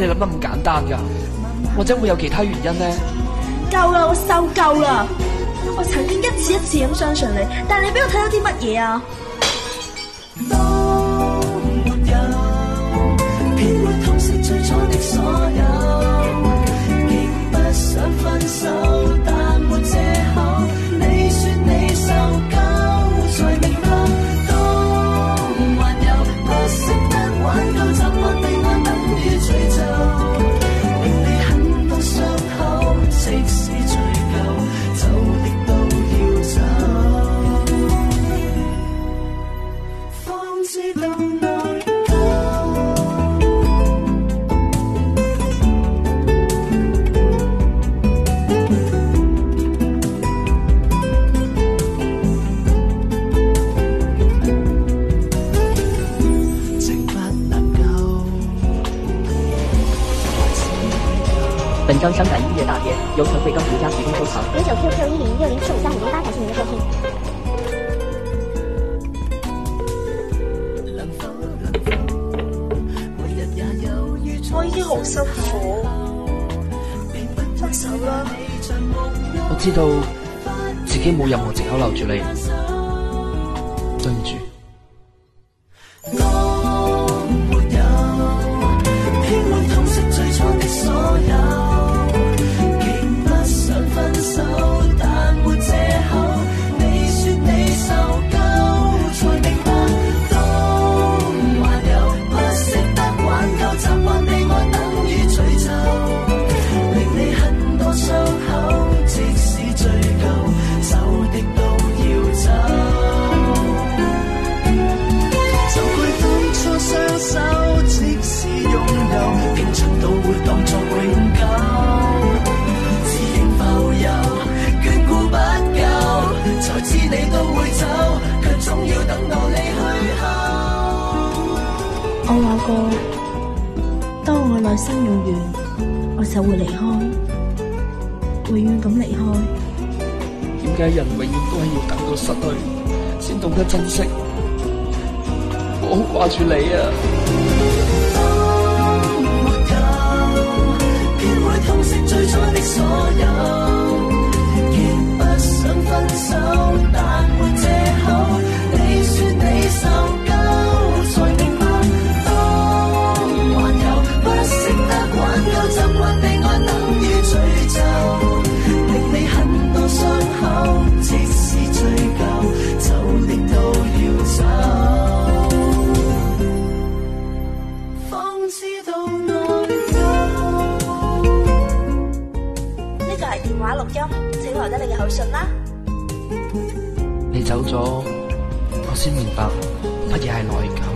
你諗得咁簡單噶？或者會有其他原因咧？夠啦！我受夠啦！我曾經一次一次咁相信你，但係你俾我睇到啲乜嘢啊？我，了我知道自己冇任何借口留住你，對不起。係電話錄音，請留低你嘅口信啦。你走咗，我先明白乜嘢係內疚。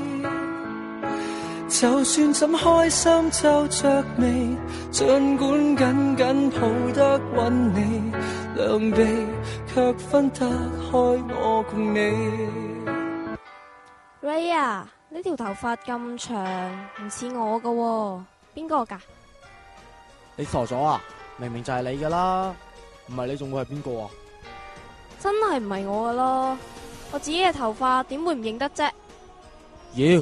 就算怎開心皺着眉，儘管緊緊抱得穩你，兩臂卻分得開我共你。Ray 啊，呢條頭髮咁長，唔似我噶喎，邊個噶？你傻咗啊？明明就係你噶啦，唔係你仲會係邊個啊？真係唔係我噶咯，我自己嘅頭髮點會唔認得啫？要。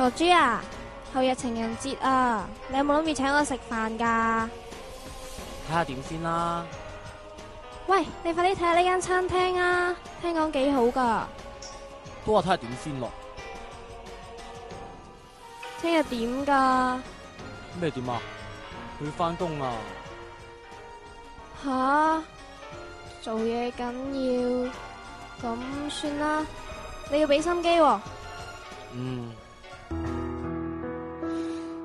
傻豬啊，後日情人節啊，你有冇諗住請我食飯噶？睇下點先啦。喂，你快啲睇下呢間餐廳啊，聽講幾好噶。都話睇下點先咯。聽日點噶？咩點啊？佢翻工啊？吓，做嘢緊要，咁算啦。你要俾心機喎。嗯。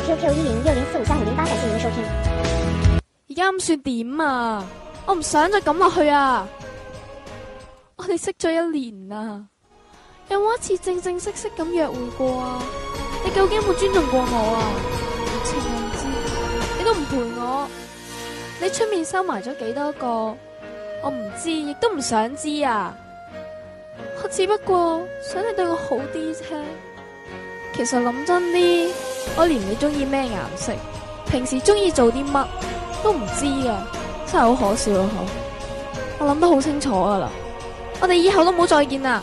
QQ 一零六零四五三五零八，感謝您的收聽。而家咁算點啊？我唔想再咁落去啊！我哋識咗一年啊，有冇一次正正式式咁約會過啊？你究竟有冇尊重過我啊？情，知道，你都唔陪我，你出面收埋咗幾多個？我唔知，亦都唔想知啊！我只不過想你對我好啲啫。其實諗真啲，我連你中意咩顏色，平時中意做啲乜都唔知㗎，真係好可笑啊！我諗得好清楚噶啦，我哋以後都唔好再見啦。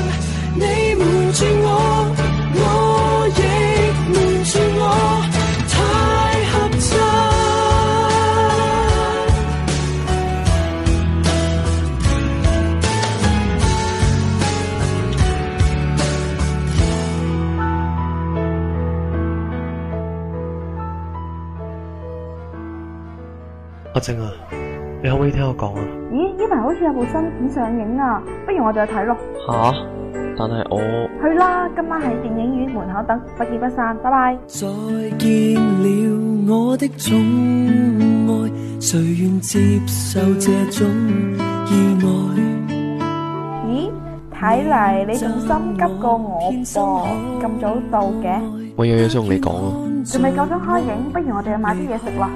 阿靜啊，你可唔可以聽我講啊？咦，呢排好似有部新片上映啊，不如我哋去睇咯。吓？但係我去啦，今晚喺電影院門口等，不見不散，拜拜。再見了我的寵愛，誰願接受這種意外？咦，睇嚟你仲心急過我噃，咁早到嘅。我有嘢想同你講啊。仲未夠鐘開影，不如我哋去買啲嘢食啦。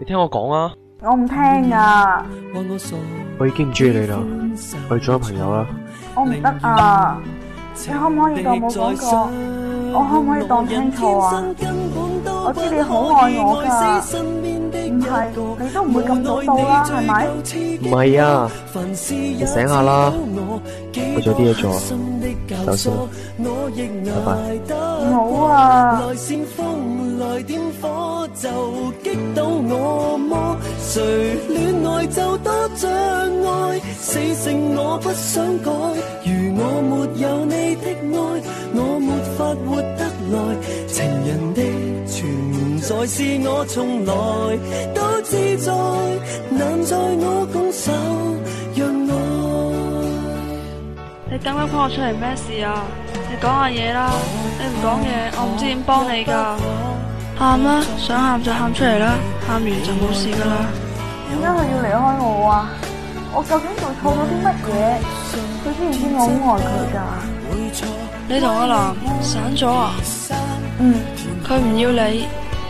你聽我講啊！我唔聽啊！我已經唔中意你啦，我做咗朋友啦。我唔得啊！你可唔可以當冇講過？我可唔可以當聽錯啊？我知你好愛我噶。唔係，你都唔會咁早到啦，係咪？唔係啊，你醒下啦，我有啲嘢做，走先，拜拜。唔好啊！在是我，從來都自在，難在我拱手讓愛。你咁樣 call 我出嚟咩事啊？你講下嘢啦，你唔講嘢，我唔知點幫你噶。喊啦，啊，想喊就喊出嚟啦，喊完就冇事噶啦。點解佢要離開我啊？我究竟做錯咗啲乜嘢？佢知唔知我好愛佢噶？你同阿南散咗啊？嗯，佢唔要你。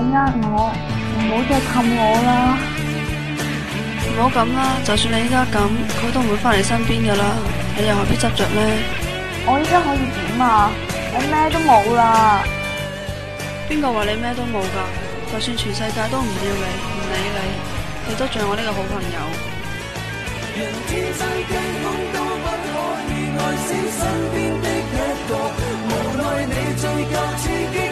唔好呃我，唔好再氹我啦，唔好咁啦。就算你依家咁，佢都唔會翻嚟身邊噶啦。你又何必執着呢？我依家可以點啊？我咩都冇啦。邊個話你咩都冇噶？就算全世界都唔要你，唔理你，你都仲有我呢個好朋友。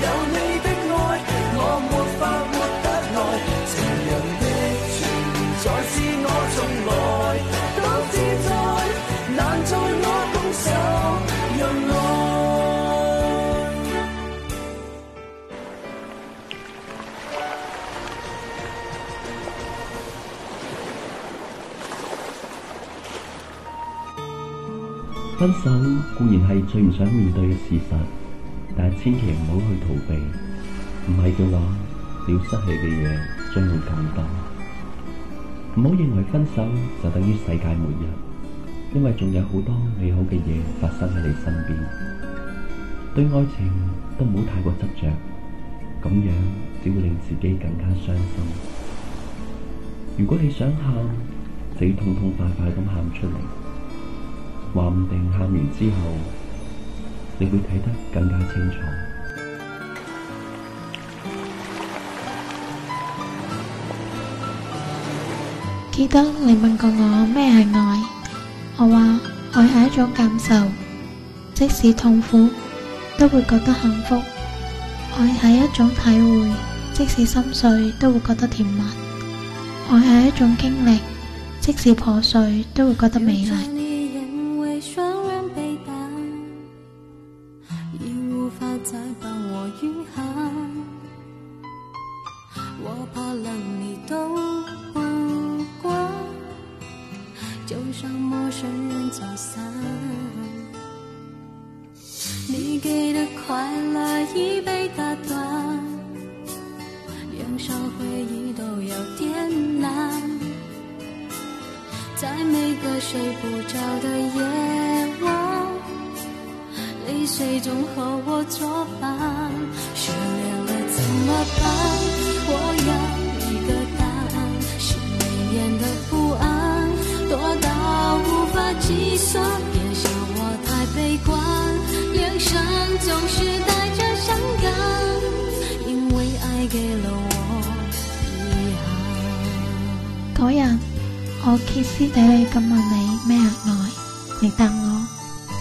分手固然係最唔想面對嘅事實，但係千祈唔好去逃避，唔係嘅話，要失去嘅嘢將會更多。唔好認為分手就等於世界末日，因為仲有好多美好嘅嘢發生喺你身邊。對愛情都唔好太過執着，咁樣只會令自己更加傷心。如果你想喊，就要痛痛快快咁喊出嚟。話唔定喊完之後，你會睇得更加清楚。記得你問過我咩係愛，我話愛係一種感受，即使痛苦都會覺得幸福；愛係一種體會，即使心碎都會覺得甜蜜；愛係一種經歷，即使破碎都會覺得美麗。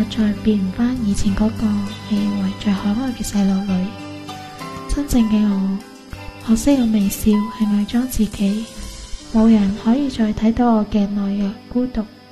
我再變唔返以前嗰、那個，你認為最可愛嘅細路女，真正嘅我，我識用微笑係偽裝自己，冇人可以再睇到我嘅懦弱孤獨。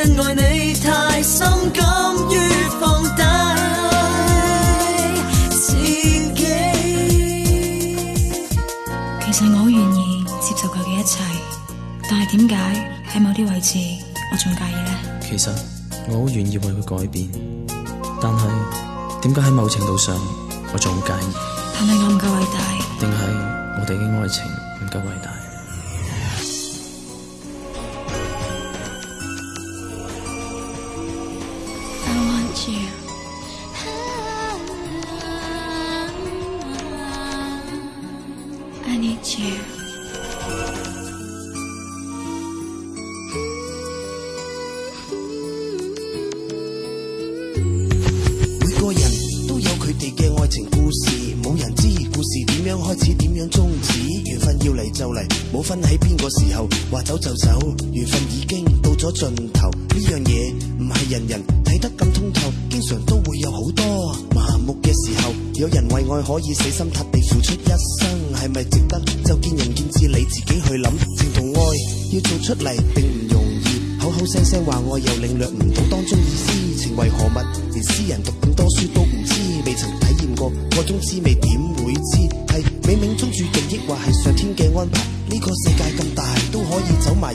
因愛你太深，甘於放低自己。其實我好願意接受佢嘅一切，但係點解喺某啲位置我仲介意咧？其實我好願意為佢改變，但係點解喺某程度上我仲介意？但係我唔夠偉大。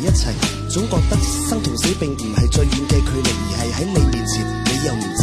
一齊，總覺得生同死並唔係最遠嘅距離，而係喺你面前，你又唔知道。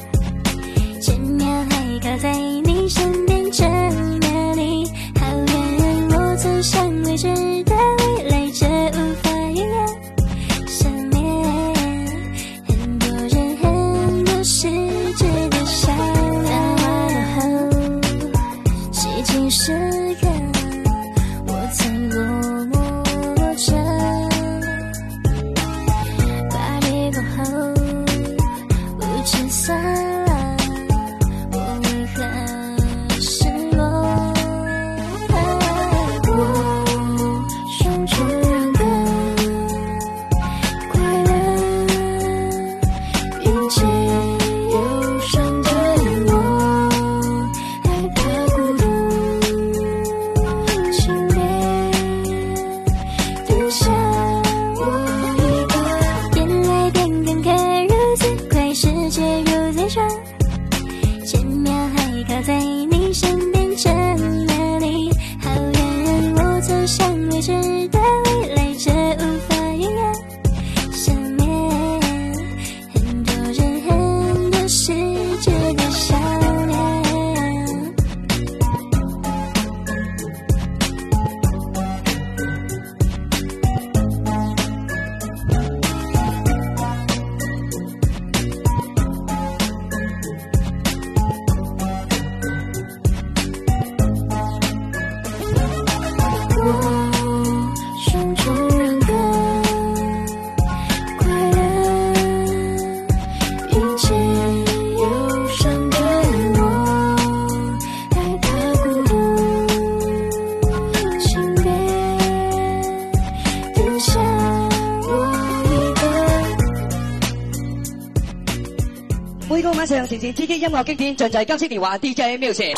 刺激音樂經典，盡在金色年華 DJ Music，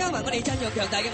加埋我哋陣容強大嘅。